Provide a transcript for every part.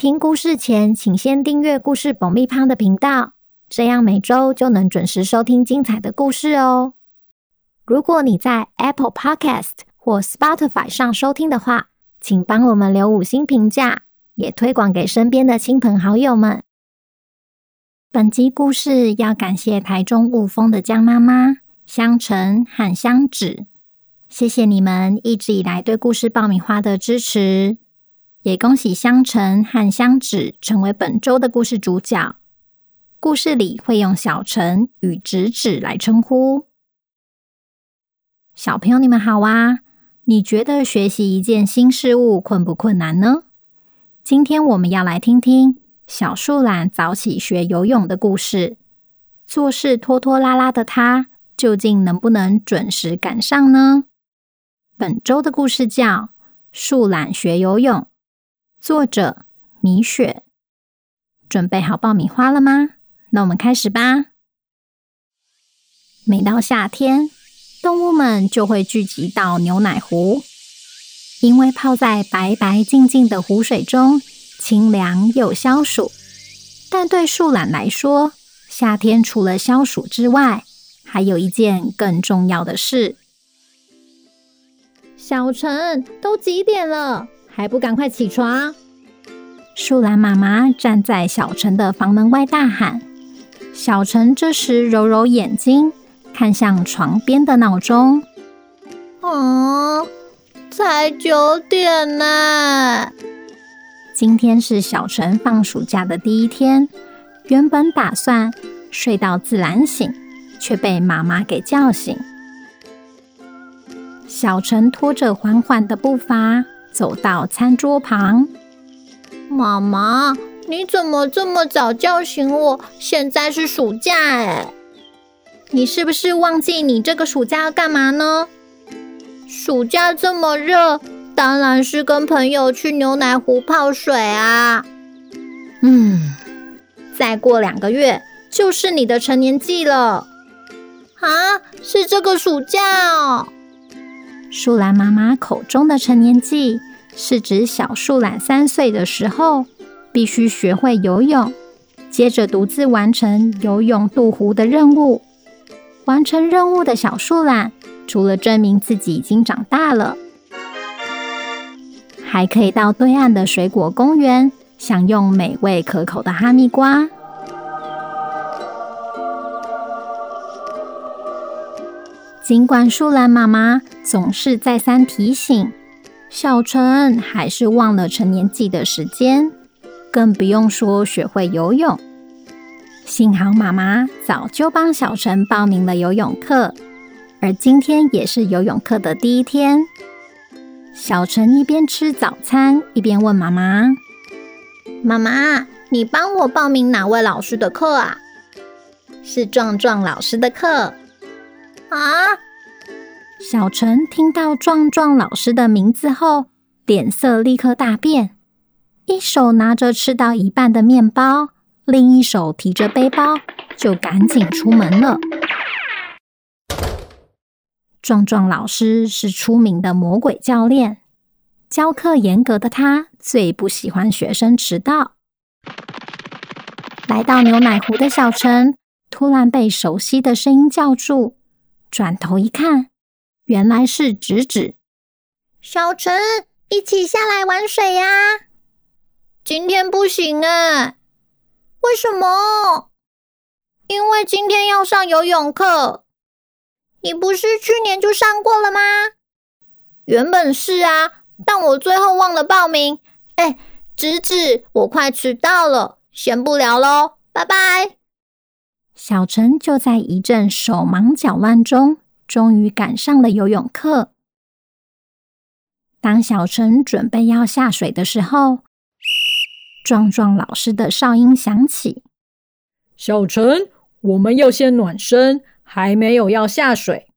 聽故事前，請先訂閱故事爆米花的頻道，這樣每周就能準時收聽精彩的故事哦。如果你在 Apple Podcast 或 Spotify 上收聽的話，請幫我們留五星評價，也推廣給身邊的親朋好友們。本集故事要感謝台中霧峰的江媽媽、香橙和香子，謝謝你們一直以來對故事爆米花的支持。也恭喜香橙和香紙成為本周的故事主角。故事裡會用小橙與直指來稱呼。小朋友你們好啊，你覺得學習一件新事物困不困難呢？今天我們要來聽聽小樹懶早起學游泳的故事。做事拖拖拉拉的他，究竟能不能準時趕上呢？本周的故事叫《樹懶學游泳》。作者米雪，準備好爆米花了嗎？那我們開始吧。每到夏天，動物們就會聚集到牛奶湖，因為泡在白白淨淨的湖水中，清涼又消暑。但對樹懶來說，夏天除了消暑之外，還有一件更重要的事。小陳，都幾點了？還不趕快起床！樹懶媽媽站在小陳的房門外大喊。小陳這時揉揉眼睛，看向床邊的鬧鐘。啊、哦，才九點呢！今天是小陳放暑假的第一天，原本打算睡到自然醒，卻被媽媽給叫醒。小陳拖着緩緩的步伐。走到餐桌旁，媽媽，你怎麼這麼早叫醒我？現在是暑假哎，你是不是忘記你這個暑假要幹嘛呢？暑假這麼熱，當然是跟朋友去牛奶湖泡水啊。嗯，再過兩個月就是你的成年祭了。啊，是這個暑假哦。樹懶媽媽口中的成年祭，是指小樹懶三歲的時候，必須學會游泳，接着獨自完成游泳渡湖的任務。完成任務的小樹懶，除了證明自己已經長大了，還可以到對岸的水果公園，享用美味可口的哈密瓜。儘管樹懶媽媽。總是再三提醒，小陳還是忘了成年季的時間，更不用說學會游泳。幸好媽媽早就幫小陳報名了游泳課，而今天也是游泳課的第一天。小陳一邊吃早餐，一邊問媽媽：“媽媽，你幫我報名哪位老師的課啊？是壯壯老師的課啊？”小陳聽到壯壯老師的名字後，臉色立刻大變，一手拿着吃到一半的麵包，另一手提着背包，就趕緊出門了。壯壯老師是出名的魔鬼教練，教課嚴格的他最不喜歡學生遲到。來到牛奶湖的小陳，突然被熟悉的聲音叫住，轉頭一看。原來是侄子，小陳，一起下來玩水呀？今天不行誒。為什麼？因為今天要上游泳課。你不是去年就上過了嗎？原本是啊，但我最後忘了報名。哎，侄子，我快遲到了，先不聊嘍，拜拜。小陳就在一陣手忙腳亂中。終於趕上了游泳課。當小陳準備要下水的時候，壯壯老師的哨音響起：“小陳，我們要先暖身，還沒有要下水。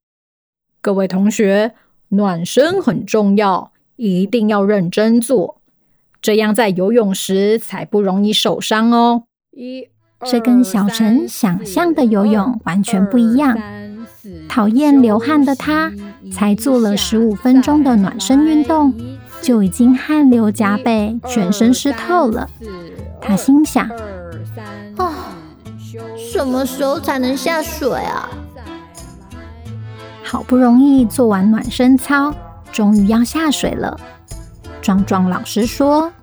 各位同學，暖身很重要，一定要認真做，這樣在游泳時才不容易受傷哦。”一，這跟小陳想象的游泳完全不一樣。討厭流汗的他，才做了十五分鐘的暖身運動，就已經汗流浹背、全身濕透了。他心想：啊、哦，什麼時候才能下水啊？好不容易做完暖身操，終於要下水了。壯壯老師說：“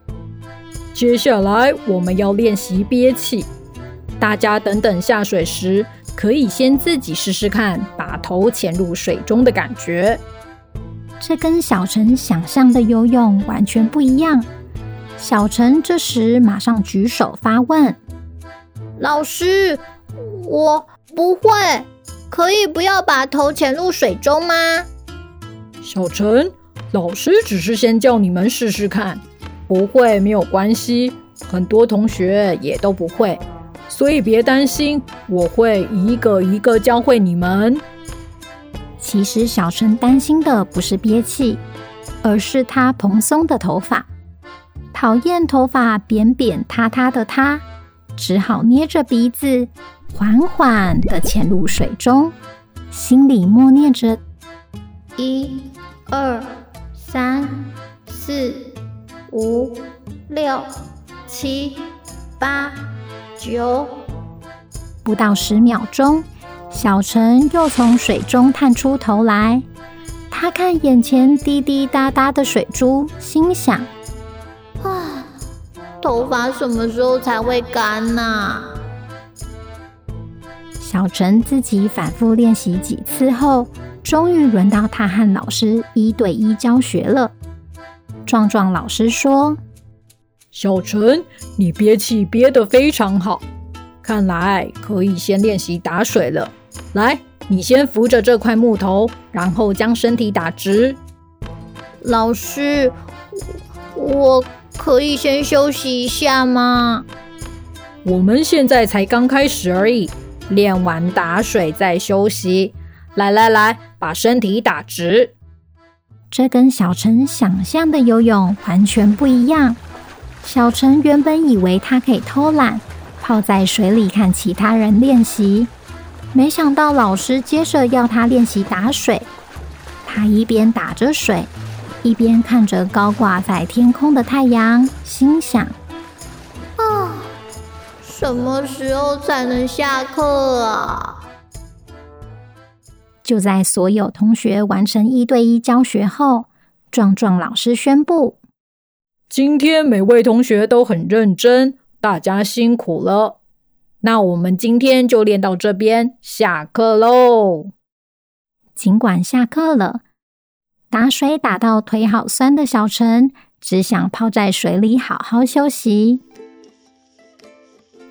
接下來我們要練習憋氣，大家等等下水時，可以先自己試試看。”頭潛入水中的感覺，這跟小陳想象的游泳完全不一樣。小陳這時馬上舉手發問：“老師，我不會，可以不要把頭潛入水中嗎？”小陳，老師只是先叫你們試試看，不會沒有關係，很多同學也都不會，所以別擔心，我會一個一個教會你們。其實小春擔心的不是憋氣，而是他蓬鬆的頭髮。討厭頭髮扁扁塌塌的他，只好捏着鼻子，緩緩的潛入水中，心裡默念着：一、二、三、四、五、六、七、八、九。不到十秒鐘。小陳又從水中探出頭來，他看眼前滴滴答答的水珠，心想：“啊，頭髮什麼時候才會乾呢啊？”小陳自己反覆練習幾次後，終於輪到他和老師一對一教學了。壯壯老師說：“小陳，你憋氣憋得非常好，看來可以先練習打水了。”來，你先扶着這塊木頭，然後將身體打直。老師，我，我可以先休息一下嗎？我們現在才剛開始而已，練完打水再休息。來來來，把身體打直。這跟小陳想象的游泳完全不一樣。小陳原本以為他可以偷懶，泡在水裡看其他人練習。沒想到老師接着要他練習打水，他一邊打着水，一邊看着高掛在天空的太陽，心想：“啊，什麼時候才能下課啊？”就在所有同學完成一對一教學後，壯壯老師宣布：“今天每位同學都很認真，大家辛苦了。”那我們今天就練到這邊，下課嘍。儘管下課了，打水打到腿好酸的小陳只想泡在水裡好好休息。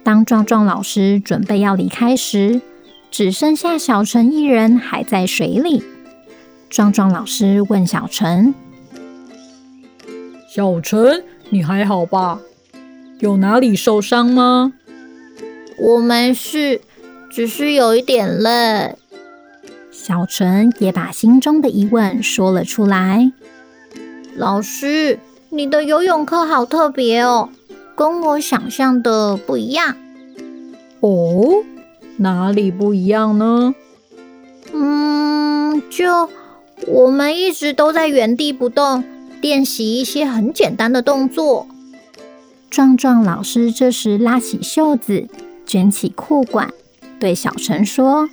當壯壯老師準備要離開時，只剩下小陳一人還在水裡。壯壯老師問小陳：“小陳，你還好吧？有哪裡受傷嗎？”我沒事，只是有一點累。小陳也把心中的疑問說了出來：“老師，你的游泳課好特別哦，跟我想象的不一樣。”“哦，哪裡不一樣呢？”“嗯，就我們一直都在原地不動，練習一些很簡單的動作。”壯壯老師這時拉起袖子，卷起褲管，對小陳說：“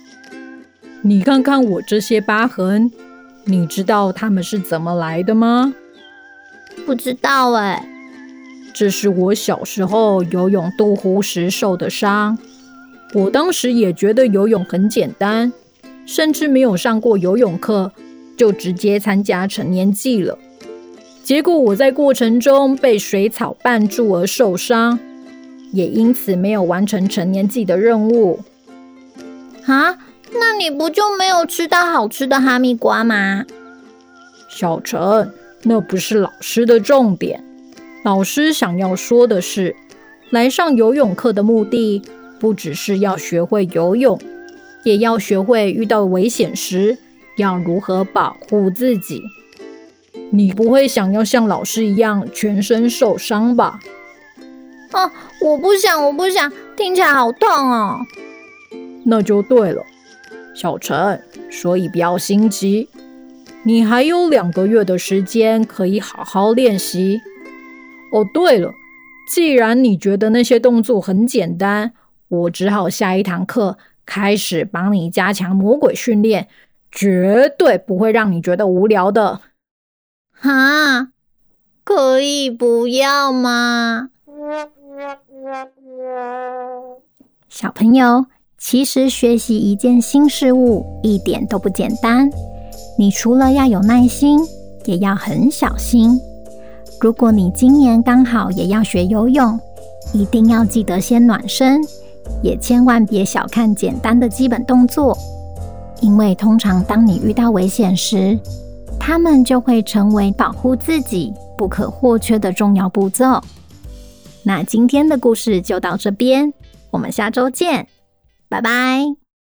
你看看我這些疤痕，你知道它們是怎麼來的嗎？”“不知道欸。”“這是我小時候游泳渡湖時受的傷。我當時也覺得游泳很簡單，甚至沒有上過游泳課，就直接參加成年季了。結果我在過程中被水草絆住而受傷。”也因此沒有完成成年自己的任務啊？那你不就沒有吃到好吃的哈密瓜嗎？小陳，那不是老師的重點。老師想要說的是，來上游泳課的目的不只是要學會游泳，也要學會遇到危險時要如何保護自己。你不會想要像老師一樣全身受傷吧？哦，我不想，我不想，聽起來好痛哦。那就對了，小陳，所以不要心急，你還有兩個月的時間可以好好練習。哦，對了，既然你覺得那些動作很簡單，我只好下一堂課開始幫你加強魔鬼訓練，絕對不會讓你覺得無聊的。啊，可以不要嗎？小朋友，其實學習一件新事物一點都不簡單。你除了要有耐心，也要很小心。如果你今年剛好也要學游泳，一定要記得先暖身，也千萬別小看簡單的基本動作，因為通常當你遇到危險時，他們就會成為保護自己不可或缺的重要步驟。那今天的故事就到這邊，我們下週見，拜拜。